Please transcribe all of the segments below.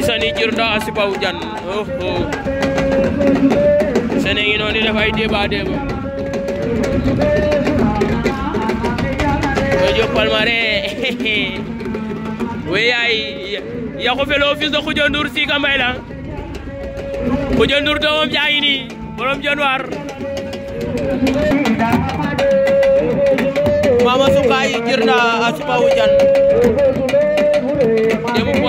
isani jirɗa a sibaw jan oho oh. sene ngi noon di def ay débat débat ojo palmare weyay yaxu felo fils de Khoudia Ndour Sika Mbaye la Khoudia Ndour doomam jaangi ni borom januar mama sukayi jirɗa a sibaw jan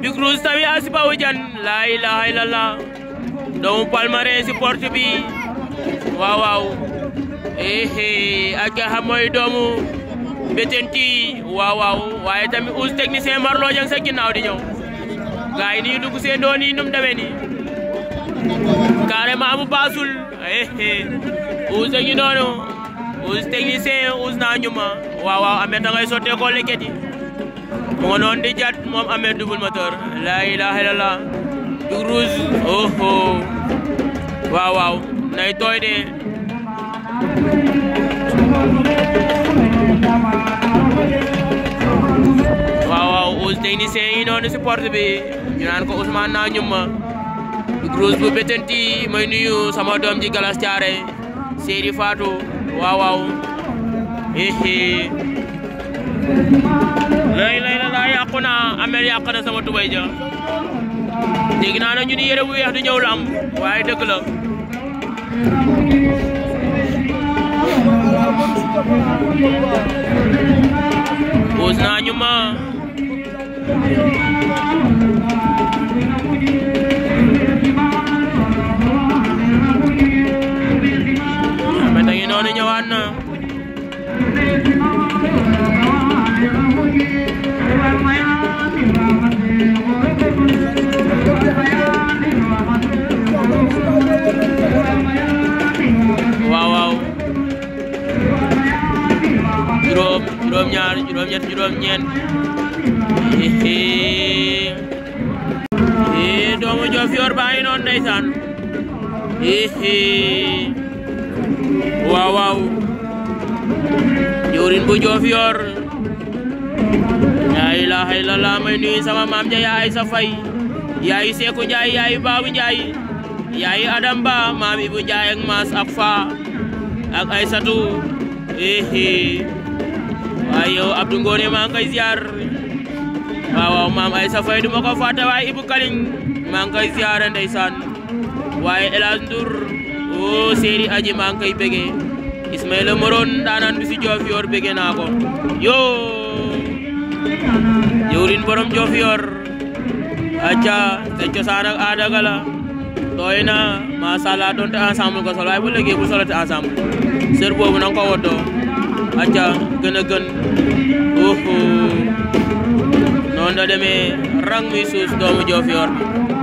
Bicruz tawi Asbaou Diane la ilaha illallah doomu Palmarin si porte bi eh, eh. ak xam mooy doomu Betenti waaw waaye tamit us technicien Marlo Dieng sa ginnaaw di ñëw gaa yi nii dugg seen doon num demee nii baasul ehe eh. us a ngi noonu us technicien us naa ñuma waaw waaw amee da ngay sottee mu nga noonu di jàtt moom amee double moteur laa ilaha illallah dug rouge oho oh. waaw nay tooy de waaw waaw ous technicien yi noonu si porte bi ñu ko Ousmane naa ñumma dug bu betenti may nuyu sama doom ji galas caare Seydi Fatou waaw waaw lay lay la laa yàqu naa Amel yàq na sama tubay ja dégg naa ñu ni yére bu weex du ñëw lamb waaye dëgg la puus naa ñu ma Amel a ngi noonu ñëwaat na juróom ñaar juróom ñett juróom ñeent i doomu Diofior non ngi noonu ndeysaan waaw waaw jëwrin bu la laa ilaaha illallah may nuyu sama mam ja yaay sa fay yaay Seeku Njaay yaay Baabu Njaay yaay Adam Ba mam Ibu Njaay ak Maas ak Fa ak Aysatu ehe ayo abdul Abdou Ngoné maa ngi ziar waaw waaw maam Aïssa Faye du mako ko way Ibou Kaliñ ma ngay ziar ndaysan El o oh, seri Aji ma ngay koy Ismaïla Moron danan bi si Diofior bégee naa ko yo jëwrin borom yor acha te ci sarak ada gala asam ma sala macha donte ensemble ko solo ay bu legge bu ensemble nang ko wodo acca gën a gën uhu noonu rang mi suus doomu Diofior bi